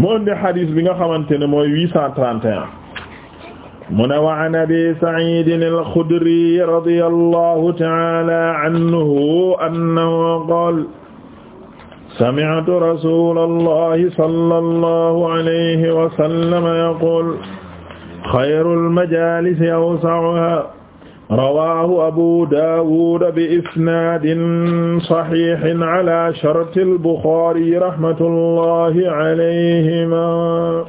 mu indi xadis bi nga xamante ne mooy 831 mu ne wa an abi saidin alxudri radi allahu taala anhu annahu qaal sami'tu rasula allahi sallallahu alayhi wa sallam yaqul xayrul majalisi awsa'uha rawaahu abu daawuda bi isnaadin saxiixin ala shartil buxaari rahmatullahi alayhima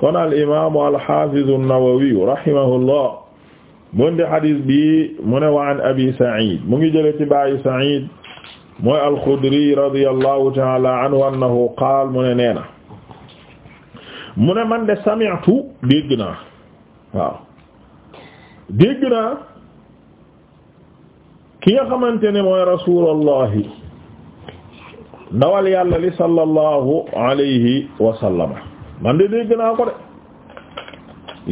kon al imaamu alxaafizu nawawiyu rahimahullah bundi xadis bi mu ne wa an abi said mu ngi jële ci baayu said mooy alxudri radiyallahu taala anhu annahu qaal mu ne nee na mu ne man de sami'tu dégg naa waaw dégg naa ki nga xamante ne mooy rasulullahi ndawal yàlla li sallallahu alayhi wa man de dégg naa ko de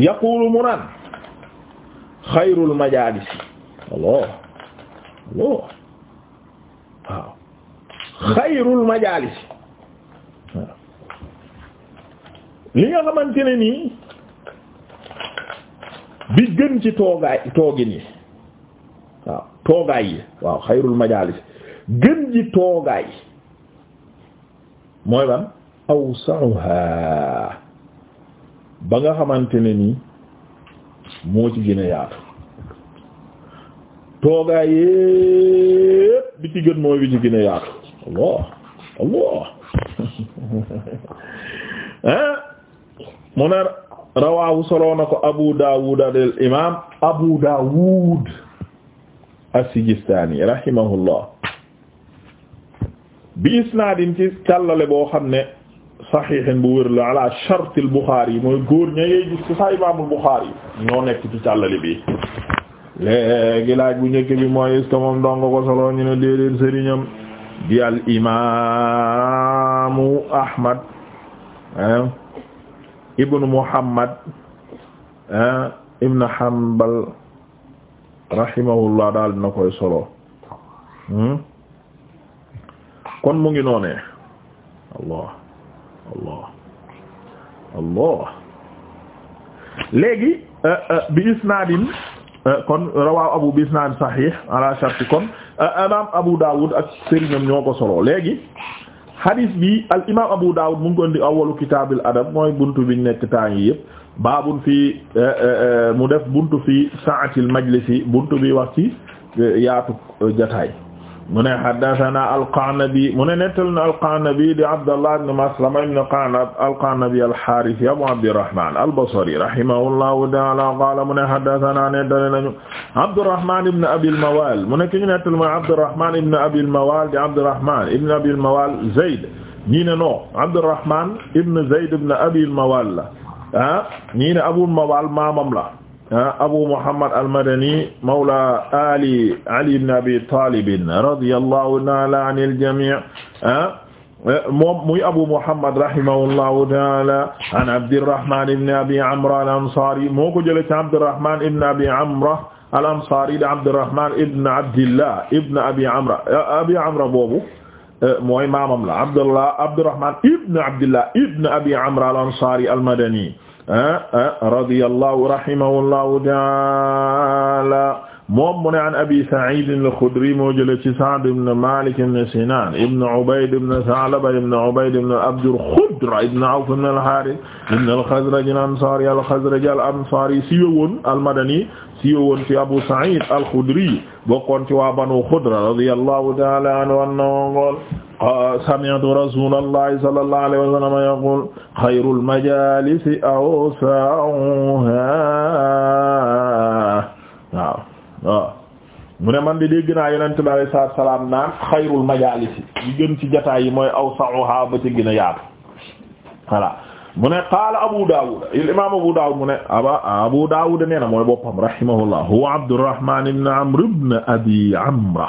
yaqulu mu naan xayrul majalis alo alo waaw xayrul li nga xamante ne bi gën ci toogaay toogin yi waaw toogaay yi waaw xayrul majaalis gën ji toogaay mooy ban awsa'uha ba nga xamante ne nii moo ci gën a yaatu toogaay yépp bi ci gën mooy bi ci gën a yaatu allah allah hein mu ne rawaahu soloona ko abu daawud al imaam abu daawud as-Sijistaani rahimahullah bi isnaadin ci càllale boo xam ne saxiixin bu wér la ala sharti al-Buxaari mooy góor ña ngay gis ci sa imaamul Buxaari yi ñoo nekk ci càllale bi léegi laaj bu njëkk bi mooy est-ce que ne déedéet sëriñam di al imaamu Ahmad ibnu Muhammad ibnu Hanbal rahimahullah daal dina koy solo hmm? kon mu ngi noonee allah allah allah léegi euh, euh, bi isnaadin euh, kon rawaaw abu bi isnaadin sahih ala sharti kon imam abu dawud ak sëriñam ñoo ko solo léegi hadith bi al imam abu dawud mu ngi ko indi awwalu kitaabil adab mooy bi biñ nekk temps yi yëpp baabun fii eh, eh, eh, mu def buntu fii sa'atil majlisi buntu bi wax ci yaatu jataay mu ne haddathana al-Qa'nabi mu ne nettal na al-Qa'nabi di Abdallah ibn Maslama ibn Qa'nab al-Qa'nabi al-Harithi Abu Abdirrahman al-Basri rahimahullahu ta'ala qala mu ne haddathana nettale nañu Abdurrahman ibn Abi al-Mawal mu ne ki ñu nettal mooy Abdurrahman ibn Abi al-Mawal di Abdurrahman ibn Abi al-Mawal Zayd ñii ne no Abdurrahman ibn Zayd ibn Abi al-Mawal ah ñii ne Abu Mawal maamam la ah Abu Muhammad al-Madani mawla Ali Ali ibn Abi Talib radiyallahu ta'ala anil jami' ah moom muy Abu Muhammad rahimahullahu ta'ala an Abdirrahman ibn Abi Amra al-Ansari moo ko jëlee ci Abdirrahman ibn Abi Amra al-Ansari da Abdirrahman ibn Abdillah ibn Abi Amra Abi Amra boobu Euh, mooy maamam la Abdullah Abdurrahman ibn Abdillah ibn Abi Amr al-Ansari al-Madani radiyallahu rahimahullahu ta'ala moom mu ne an abi Sa'id al-Khudri moo jële ci Sa'd ibn Malik ibn Sinan ibn Ubayd ibn Tha'laba ibn Ubayd ibn Abd al-Khudra ibn Awf ibn al-Harith ibn al-Khazraj al-Ansari al-Khazraj al-Ansari siiwoon al-Madani siiwoon ci Abu Sa'id al-Khudri bokkoon ci waa Banu Khudra radiyallahu ta'ala anhu annahu qaala sami'tu rasuulallahi sallallahu alayhi wa sallam yaqul xayrul majaalisi awsa'uhaa waaw waaw mu ne man di dégg naa yonente bi alayhi salaatu salaam naan xayrul majaalisi yi gën ci jataay yi mooy awsa'uha ba ci gën a yaatu voilà mu ne qaala Abu Daawud il imaam Abu Daawud mu ne aba Abu Daawud nee na mooy boppam rahimahullah huwa Abdurrahman ibn Amr ibn Abi Amra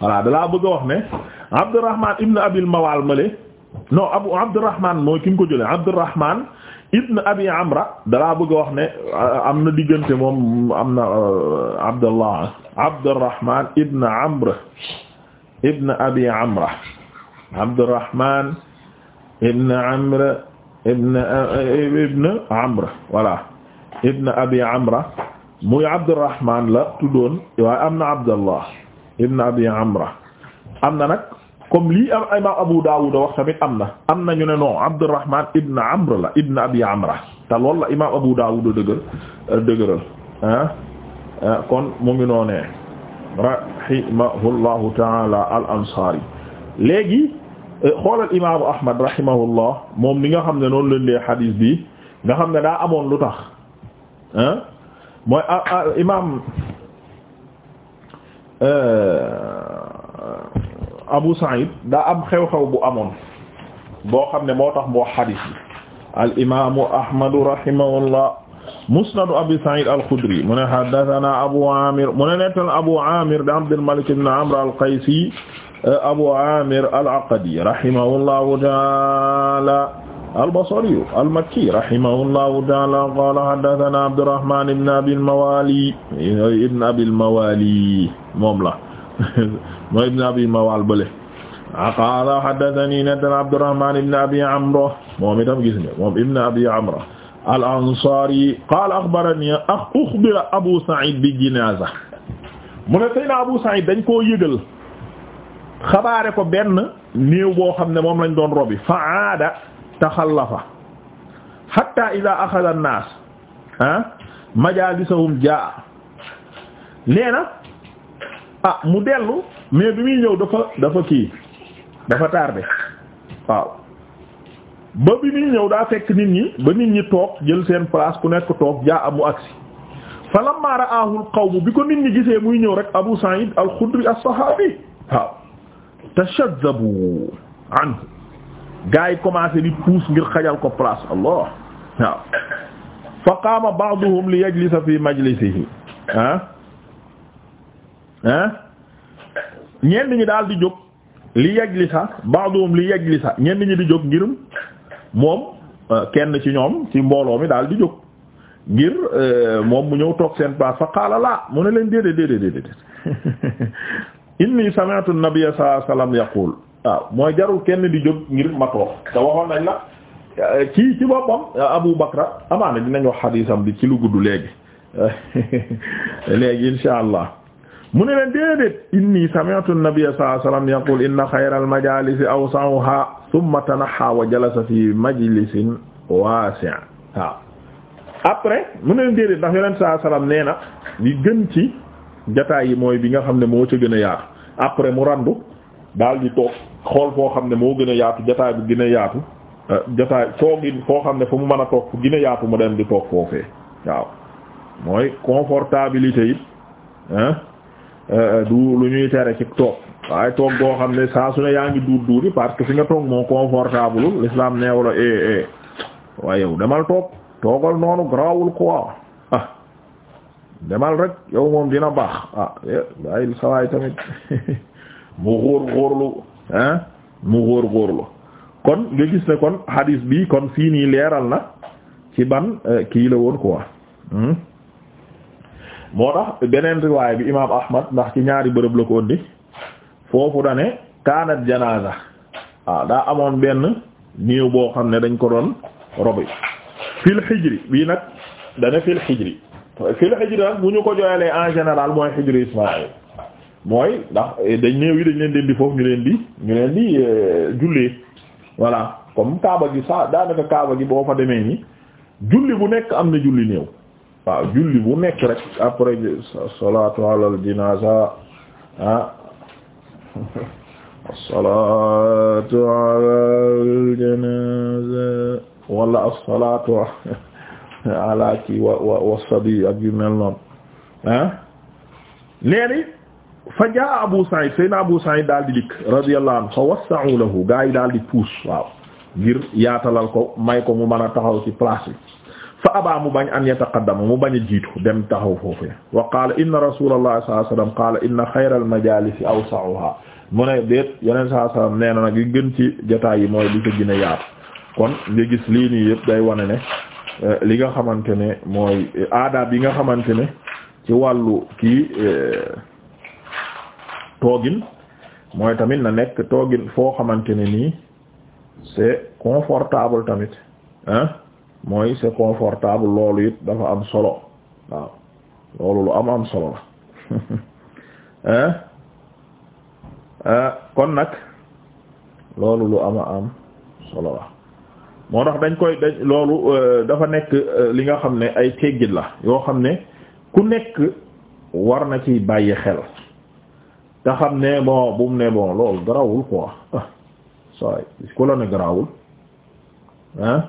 voilà dalaa bëgg a wax ne Abdurrahman ibn Abil Mawaal male non Abu Abdurrahman mooy ki nga ko jëlee Abdurrahman ibn abi amra dalaa bëgg a wax ne uh, am na diggante moom am na uh, abdullah abdurrahman ibn amr ibn abi amra abdurrahman ibn amr ibn uh, ibn amr voilà ibn abi amra muy la tuddoon waaye am na abdullah ibn abi amra am comme lii am imam Abu Dawud wax tamit am na am na ñu ne non Abdurrahman ibn Amr ibn Abi Amra te loolu imam Abu Dawud dëgër dëgëral kon mu ngi noonee rahimahullahu taala al ansari léegi eh, xoolal imaamu Ahmad rahimahullah moom li nga xam ne noonu lëndee xadiis bi nga xam ne daa amoon lu tax Abu Sa'id daa am xew-xew bu amoon boo xam ne moo tax mu wax xadiis bi al imaamu Ahmadu rahimahullah musnadu Abi Sa'id al-Khudri mu ne haddathana Abu Amir mu ne nettal Abu Amir da Abdul Malik ibn Amr al-Qaysi Abu Amir al-Aqadi rahimahullahu ta'ala al-Basri al-Makki rahimahullahu ta'ala qala haddathana Abdurrahman ibn Abi al-Mawali ibn Abi al-Mawali moom la mooy ibn abi mawal bële ah, qaala haddathani nettan abdurrahman ibn abi amra moom itam gis nga moom ibn abi amra al ansari qaala akhbarani ah, ukhbira abu sa'id bi jinaza mu ne sayna abu sa'id dañ koo yëgal xabaare ko benn néew boo xam ne moom lañ doon robi fa aada taxallafa hatta ida axada an-nas ah majalisahum jaa nee na ah mu dellu mais bi muy ñëw dafa dafa kii dafa tardé waaw ba bi muy ñëw daa fekk nit ñi ba nit ñi toog jël seen place ku nekk toog jaa amu agsi fa lamma ra'ahu al bi ko nit ñi gisee muy ñëw rek Abu Sa'id al-Khudri as-sahabi waaw tashaddabu anhu gaa yi commencé di puus ngir xajal ko place allah waaw fa qaama ba'duhum li yajlisa fi majlisihi ah ah ñenn ñi daal di jóg li sax ba'dhum li sax ñenn ñi di jóg ngirum moom euh, kenn ci ñoom ci mbooloo mi daal di jóg ngir euh, moom mu ñëw toog seen place fa qaala mu ne leen déedéet déedéet déedéet inni sami'tu an-nabiyya sallallahu alayhi wasallam yaqul waaw mooy jarul kenn di jóg ngir ma toog te waxoon nañ la euh, ci ci boppam Abu Bakra amaana dinañ wax xadiisam bi ci lu gudd léegi léegi insha allah mu ne leen déedéet inni sami'tu an-nabiyya sallallahu sa wa sallam yaqul inna khayra al-majalisi awsa'uha thumma tanaha wa jalasa fi majlisin wasi' waaw après mu ne leen déedéet ndax yonent sallallahu alayhi wa sallam nee na li gën ci jataay yi mooy bi nga xam ne moo ci gën a yaatu après mu randu daal di toog xool foo xam ne moo gën a yaatu jataay bu gën a yaatu euh, jataay toogin foo xam ne fu mu mën a toog fu gën a yaatu mu dem di toog foofee waaw mooy confortabilité yi Euh, du lu ñuy tere ci toog waaye toog boo xam ne saa su ne yaa ngi duut duuti parce que fi nga toog moo confortable l'islam neew la eh, eh. waaye yow demal toog toogal noonu grawul quoi ah demal rek yow moom dina baax ah waaye eh, sawaay tamit mu góor góorlu ah mu góor góorlu kon nga gis ne kon hadis bi kon fii nii leeral na ci ban kii la woon quoi. Hmm? moo tax beneen riwaay bi imaam Ahmad ndax ci ñaari bërëb la ko indi foofu da ne kaanat janaza daa amoon benn néew boo xam ne dañ ko doon robi fil xijri bii nag da ne fil xijri fil xijri nag bu ñu ko jooyalee en général mooy xijri Ismaïl mooy ndax dañ néew yi dañ leen di indi ñu leen di ñu leen di euh, jullee voilà comme kaaba gi sax daanaka kaaba gi boo fa demee ni julli bu nekk am na julli néew. waaw julli bu nekk rek après salatu alal jinaza ah salatu alal jinaza wala as-salatu ala ki wa wa wasabi ak yu mel noonu ah léegi fa jaa Abu Sa'id sayna Abu Sa'id daal di dikk radiyallahu anhu fa wassa'u lahu gaa yi daal di puus waaw ngir yaatalal ko may ko mu mën a taxaw ci place bi fa abaa mu bañ an yataqaddama mu bañ a jiitu dem taxaw foofee wa qaala inna rasulullah sallallahu alayhi wasallam qaala inna xayral majalisi awsa'uha mu ne déet yeneen sallallahu alayhi wasallam nee na nag yu gën ci jotaay yi mooy li ko gën a yaatu kon nga gis lii nii yëpp day wane ne eh, li nga xamante ne mooy eh, aadaab yi nga xamante ne ci wàllu kii eh, toogin mooy tamit na nekk toogin foo xamante ne nii c'est confortable tamit ah mooy c'est confortable loolu it dafa am solo waaw loolu lu am am solo la eh, kon nag loolu lu ama am solo moo tax dañ koy dañ loolu euh, dafa nekk euh, li nga xam ne ay teggin la yoo xam ne ku nekk war na ci bàyyi xel te xam ne bon bu mu ne bon loolu garawul quoi ah saa ku la ne garawul ah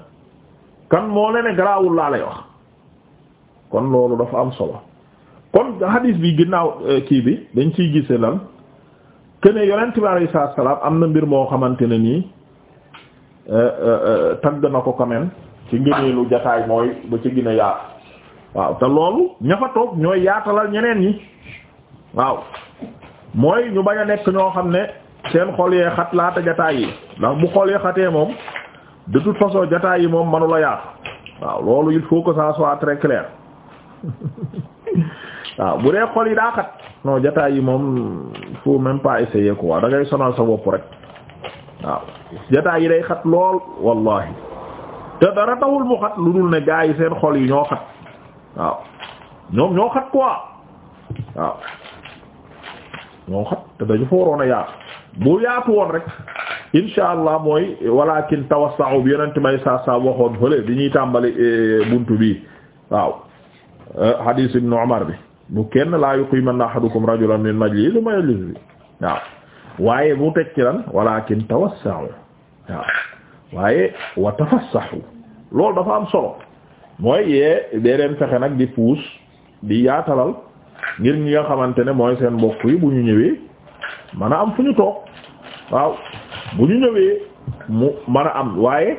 kan moo leen ne garaawul laa lay wax kon loolu dafa am solo kon hadis bi ginnaaw eh, kii bi dañ ciy gise lan kene yonent bi alayhi salaam am na mbir moo xamante ne nii eh, eh, tagg na ko quand ci ngëneelu jataay mooy ba ci gën a yaatu waaw te loolu ña fa toog ñooy yaatalal ñeneen yi waaw mooy ñu bañ a nekk ñoo xam ne seen xol yee xat laata jataay yi ndax bu xol yee xatee moom de toute façon jataay yi moom manula yaatu waaw loolu il faut que ça soit très clair waaw bu dee xol yi daa xat non jataay yi moom il faut même pas essayer sonal sa bopp rek waaw jataay yi day xat lool wallahi te dara tawul mu xat lu dul ne gaa yi seen xol yi ñoo xat waaw ñoom ñoo xat quoi waaw ñoo xat te dañu fa waroon a yaatu bu yaatu woon rek insha allah mooy walakin tawassa'u bi yonent may saa saa waxoon fële di ñuy tàmbali eh, buntu bi waaw eh, hadith ibn Umar bi bu kenn laa yuqimanna ahadukum rajulan min majlisi majlis bi waaw waaye bu tekki lan walakin tawassa'u waaw waaye wa tafassahu loolu dafa am solo mooy yee dee fexe nag di puus di yaatalal ngir ñi nga xamante ne mooy seen mbokk yi bu ñu ñëwee man a am fu ñu toog waaw bu ñu ñëwee mu man a am waaye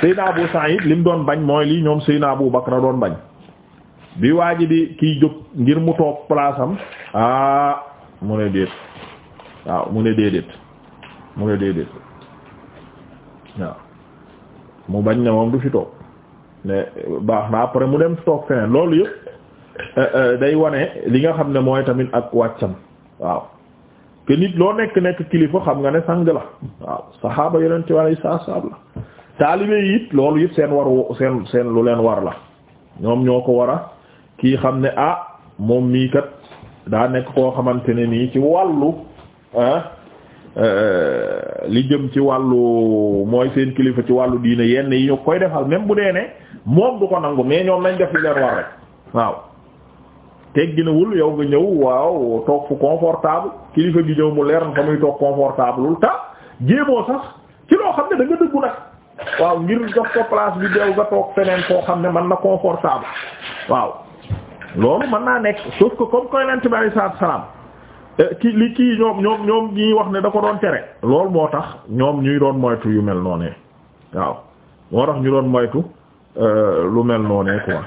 Seydina Abu Sa'id lim doon bañ mooy lii ñoom Seydina Abu Bakr doon bañ bi waa ji di kiy jóg ngir mu toog place am ah mu ne déet waaw mu ne déedéet mu ne déedéet waaw mu bañ ne moom du fi toog mais baax na après mu dem toog feneen loolu yëpp euh, euh, day wane li nga xam ne mooy tamit ak wàccam waaw que nit loo nekk nekk kilifa xam nga ne sang la waaw saxaaba yeneen ci wàllu saa saab la taalibe yi it loolu it seen waru seen lu leen war la ñoom ñoo ko war a kii xam ne ah moom mii kat daa nekk koo xamante ne nii ci wàllu ah, euh, li jëm ci wàllu mooy seen kilifa ci wàllu diine yenn yi ñu koy defal même bu dee ne moom du ko nangu mais ñoom lañ def lu leen war rek waaw. tegginawul yow nga ñëw waaw toog fu confortable kilifa gi ñëw mu leer na muy toog confortable ta tax jéemoo sax ci xam ne da dëggu nag waaw ngir jox ko place bi deew nga toog feneen koo xam ne man na confortable waaw loolu mën naa nekk sauf que comme koy lent bi alei salaam eh, ki li kii ñoom ñoom ñoom ñi wax ne da ko doon tere loolu moo tax ñoom ñuy doon moytu yu mel noonee waaw moo tax ñu doon moytu eh, lu mel noonee quoi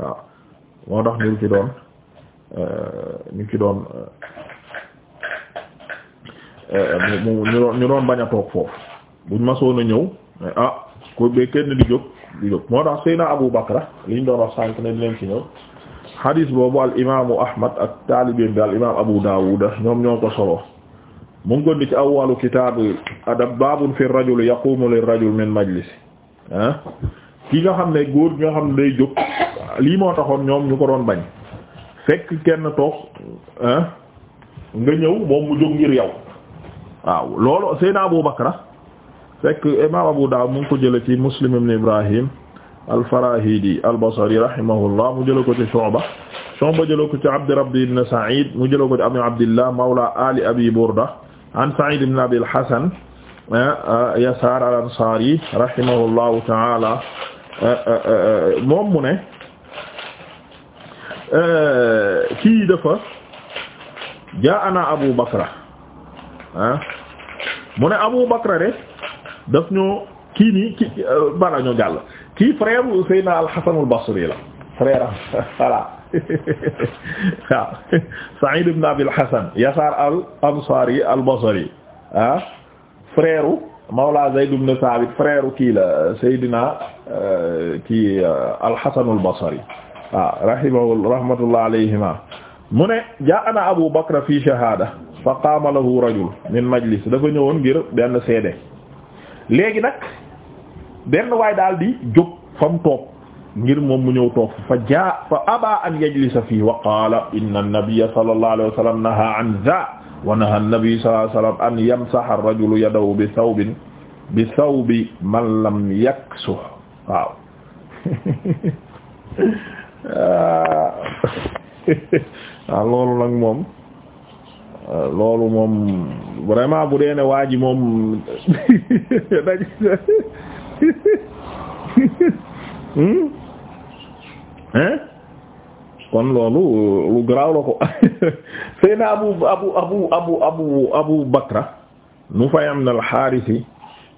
waaw moo tax ñu ci doon euh, ñu ci euh, doon ñu doon bañ a toog foofu bu masoon a ñëw ah ko ba kenn di jóg di jóg moo tax Seydina Abu Bakra liñ doon wax sànq ne dinañ ci ñëw xadiis boobu al imaamu Ahmad ak taalibeem bi al imaam Abu Daawud ñoom ñoo ko solo mu ngi ko di ci awwalu kitaabu adab baabun fi rajul yaqumu li rajul min majlis ah ki nga xam ne góor gi nga xam ne day jóg. lii moo taxoon ñoom ñu ko doon bañ fekk kenn toog nga ñëw moom mu jóg ngir yow waaw loolu Seydina Abu Bakra fekk imam Abu Dawud mu ngi ko jële ci Muslim ibn Ibrahim al-Farahidi al mu jële ko ci Shu'ba Shu'ba jële ko ci Abd Rabbi ibn Sa'id mu jële ko ci Abu Abdillah mawla Ali Abi Burda an Sa'id ibn Abi al-Hasan Yasar al-Ansari rahimahullahu ta'ala moom mu ne Euh, kii dafa jaa ana Abu Bakra ah mu ne Abu Bakra de daf ñoo kii nii ki euh, bala ñoo jàll kii frère Seydina al-Hasan al-Basri la frère voilà waaw Sa'id ibn Abi al-Hasan Yasar al-Ansari al-Basri ah frère Mawla Zayd ibn Thabit frère kii la Seydina euh, kii al-Hasan al-Basri waaw rahimahu rahmatullah alayhima mu ne jaana Abu Bakr fi shahada fa qaama lahu rajul min majlis dafa ñëwoon ngir benn seede léegi nag benn waay daal di jóg fa mu toog ngir moom mu ñëw toog fa jaa fa aba an yajlisa fii wa qaala inna an-nabiyya sallallahu alayhi wa sallam naha an za wa naha an-nabi sallallahu alayhi wa sallam an yamsaha ar-rajulu yadahu bi thawbin bi thawbi man lam yaksuh waaw Euh, waaw loolu nag moom euh, loolu moom vraiment bu dee ne waa ji moom dañ hmm? hein kon loolu euh, lu garaaw la ko Seydina abu abu abu abu abu abu Bakra Nufay ibn al-Harith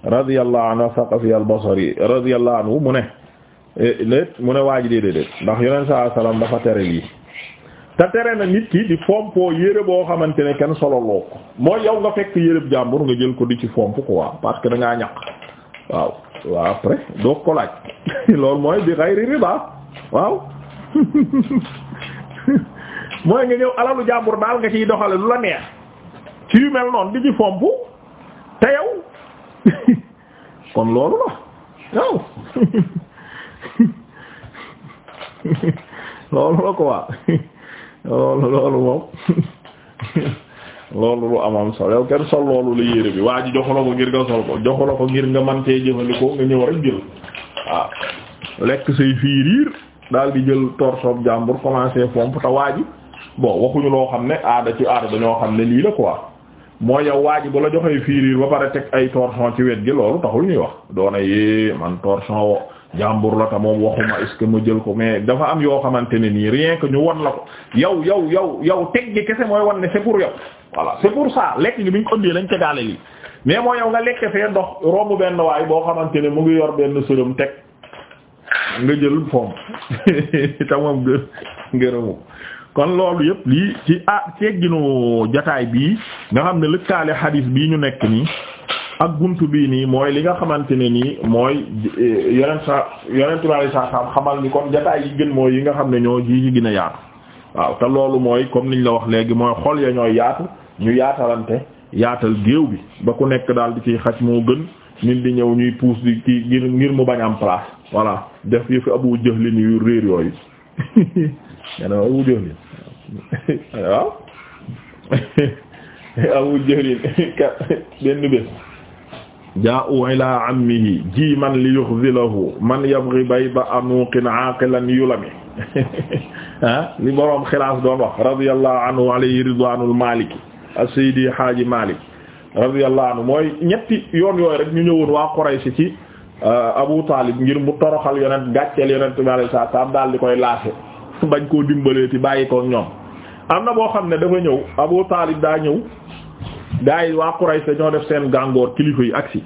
radiyallahu anhu Saqafi al-Basri radiyallahu anhu mu ne lépp eh, mu ne waa ji déedéet ndax yonent saa salaam dafa tere lii te tere na nit ki di fompoo yére boo xamante ne kenn solo loo ko mooy yow nga fekk yéreb jàmbur nga jël ko di ci fomp quoi parce que da ngaa ñaq waaw waaw après doo ko laaj loolu mooy bi xayri riba waaw mooy nga ñëw alalu jàmbur daal nga ciy doxale lu la neex ci yu mel noonu di ci fomp te yow kon loolu la waaw loolu la quoi loolu loolu moom loolu lu amam sol yow kenn sol loolu la yére bi waaj ji joxu la ko ngir nga sol ko joxu la ko ngir nga man cee jëfandikoo nga ñëw rek jël waaw lekk say fiiriir daal di jël torsob jàmbur commencé fomp te waa ji bon waxuñu loo xam ne aada ci aada dañoo xam ne lii la quoi mooy yow waaj ji bu la joxee fiiriir ba pare teg ay torchon ci wet gi loolu taxul ñuy wax doona yee man torchon wo jàmbur la ta moom waxuma est que ma jël ko mais dafa am yoo xamante ne nii rien que ñu won la ko yow yow yow yow teg gi kese mooy wan ne c'est pour yow voilà c'est pour ça lekk gi bi ñu ko ëndee lañ tegaale mais moo yow nga lekk fee ndox romb benn waay boo xamante ne mu ngi yor benn sërëm teg nga jël fomm te moom gë ngërëmu kon loolu yëpp lii ci ah tegginu jataay bii nga xam ne lëkkaale xadiis bii ñu nekk nii ak buntu bii nii mooy li nga xamante ne nii mooy eh, yeneen sa yeneen tubaab sa saam xamal ni kon jataay yi gën mooy yi nga xam ne ñoo ji ci gën a yaatu waaw te loolu mooy comme niñ la wax léegi mooy xol ya ñooy yaatu ñu yaatalante yaatal géew bi ba ku nekk daal di ciy xaj moo gën nit di ñëw ñuy puus di ki ngir ngir mu bañ am place voilà def yi fi abu jëxlin yu réer yooyu yene abu jëxlin waaw abu jëxlin benn bés jaa'u ilaa ammihi ji man li yuxzilahu man yabghi bayda anuuqin aaqilan yulami ah li boroom xilaas doon wax radiyallahu anhu alayhi ridwaanul maaliki as-saydi haaji maalik radiyallahu anhu mooy ñetti yoon yooyu rek ñu ñëwoon waa Quraysh ci uh, Abu Taalib ngir mu toroxal yonent gàcceel yonent bi alayhi salaatu daal di koy laase bañ koo dimbalee ti bàyyi ko ñoom am na boo xam ne dafa ñëw Abu Taalib daa ñëw gaa yi waa Quraysh ñoo def seen gàngoor kilifa yi agsi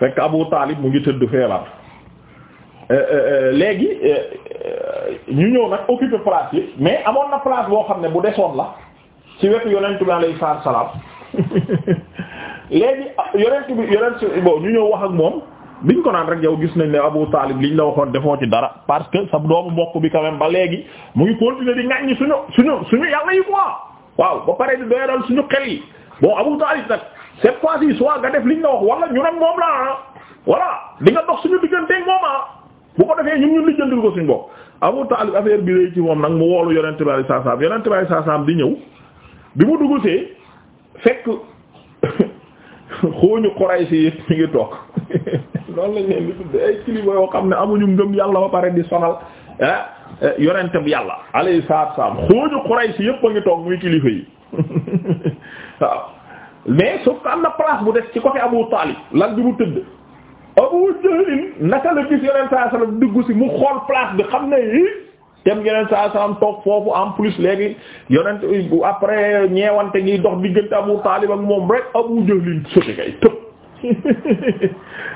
fekk Abu Taalib mu ngi tëdd feebar eh, eh, eh, léegi ñu ñëw nag occupé place yi mais amoon na place boo xam ne bu desoon la ci wetu yonentu bi alayhi salaam léegi yonentu bi yonent bon ñu ñëw wax ak moom biñ ko naan rek yow gis nañ ne Abu Taalib liñ la waxoon defoo ci dara parce que sa doomu mbokk bi quand ba léegi mu ngi continuer di ŋaññi suñu suñu suñu yàlla yi quoi waaw ba pare di doyadal suñu xel yi bon Abu Talib nag cette fois-ci nga def liñ la wax wala ñu nag moom la ah voilà di nga dox suñu digganteeg moom ah bu ko defee ñun ñu lijjantil ko suñu bopp Abu Talib affaire bi rëy ci moom nag mu woolu yonent bi alayhi salaam yonent bi alayhi di ñëw bi mu dugg see fekk xooñu Quraysh yi ñu ngi toog loolu lañ leen di tuddee ay kilifa yoo xam ne amuñu ngëm yàlla ba pare di sonal ah Eh, yonentam yàlla alayhi salaatu wa salaam xooju Quraysh yëpp a ngi toog muy kilifa yi waaw mais sauf que am na place bu des ci côté Abu Talib lan bi mu tëdd Abu Jahl naka la gis yonent saa salaam dugg si mu xool place bi xam na yi dem yonent saa salaam toog foofu en plus léegi yonent bu après ñeewante ngi dox diggante Abu Talib ak moom rek Abu Jahl sotti kay tëb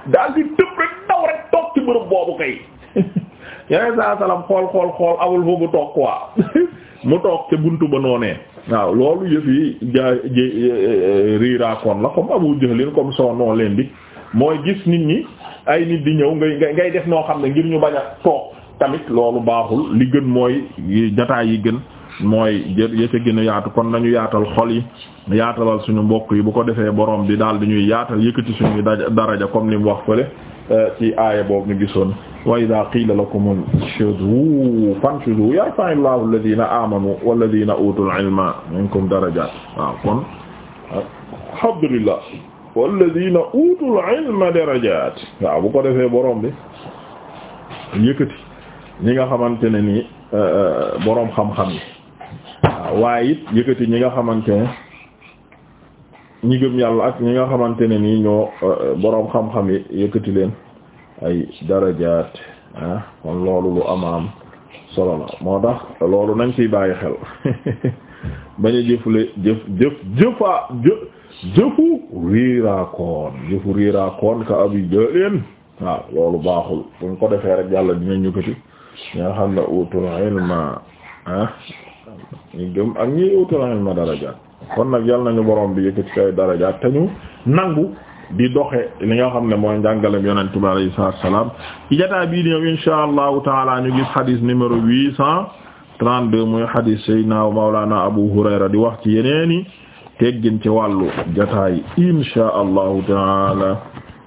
daal di tëb rek taw rek toog ci bërëb boobu kay. yeneen saa salaam xool xool xool amul fa mu toog quoi mu toog te buntu ba noonee. waaw loolu yëf yi ja riiraakoon la comme Abu Jahl comme son noo leen bi mooy gis nit ñi ay nit di ñëw ngay ngay def noo xam ne ngir ñu bañ a toog tamit loolu baaxul li gën mooy jataay yi gën. mooy jë yëca gën a yaatu kon nañu yaatal xol yi yaatalal suñu mbokk yi bu ko defee borom bi daal di ñuy yaatal yëkkati suñu daraja comme ni mu wax fële euh, ci aaya boobu ñu gisoon wa idha qila lakum inshudu fanshudu yarfa'i Allahu alladhina amanu walladhina utul ilma minkum darajat waaw kon alhamdulillah walladhina utul ilma darajat waaw bu ko defee boroom bi yëkkati ñi nga xamante ne ni euh, euh, borom xam-xam yi waaye it yëkkati ñi nga xamante ne ñi gëm yàlla ak ñi nga xamante ne nii ñoo euh, boroom xam-xam yi yëkkati leen ay darajaat ah kon loolu lu amaam solo la moo tax loolu nañ ci bàyyi xel bañ a jëfle jëf jëf jëfaa jëf jëfu riiraakoon jëfu riiraakoon ka abi jëleen waaw loolu baaxul buñ ko defee rek yàlla dinañ yëkkati ñi nga xam ne utul ilma ah, ñu gëm ak ñi wutalaanel ma darajaat kon nag yal nañu borom bi yëkkati kay darajaat te ñu nangu di doxe li nga xam ne mooy njàngalem yonent bi alayhi salaatu wa salaam ci jotaay bii di ñëw inshaa allahu taala ñu gis hadis numéro huit cent trente-deux muy hadis Seydina Mawlana Abu Hurayra di wax ci yeneeni teggin ci wàllu jotaay inshaa allahu taala